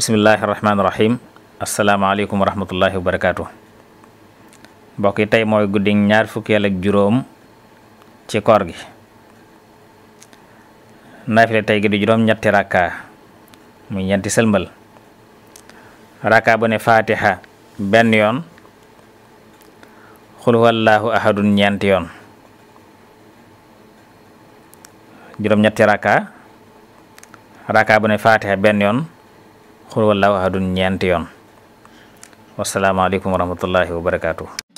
bismillahi rahmaani rahim asalaamaaleykum wa rahmatullahi wa barakaatu mbokk yi tey mooy guddi ñaar fukkeel ak juróom ci koor gi naafile tey gi di juróom ñetti rakka muy ñeenti sëlmal rakka bu ne fatiha yoon xul wallaahu yoon juróom ñetti bu ne fatiha benn yoon xul wallaahu ahadun ñeenti yoon wasalaamaaleykum wa rahmatullahi wa barakaatu.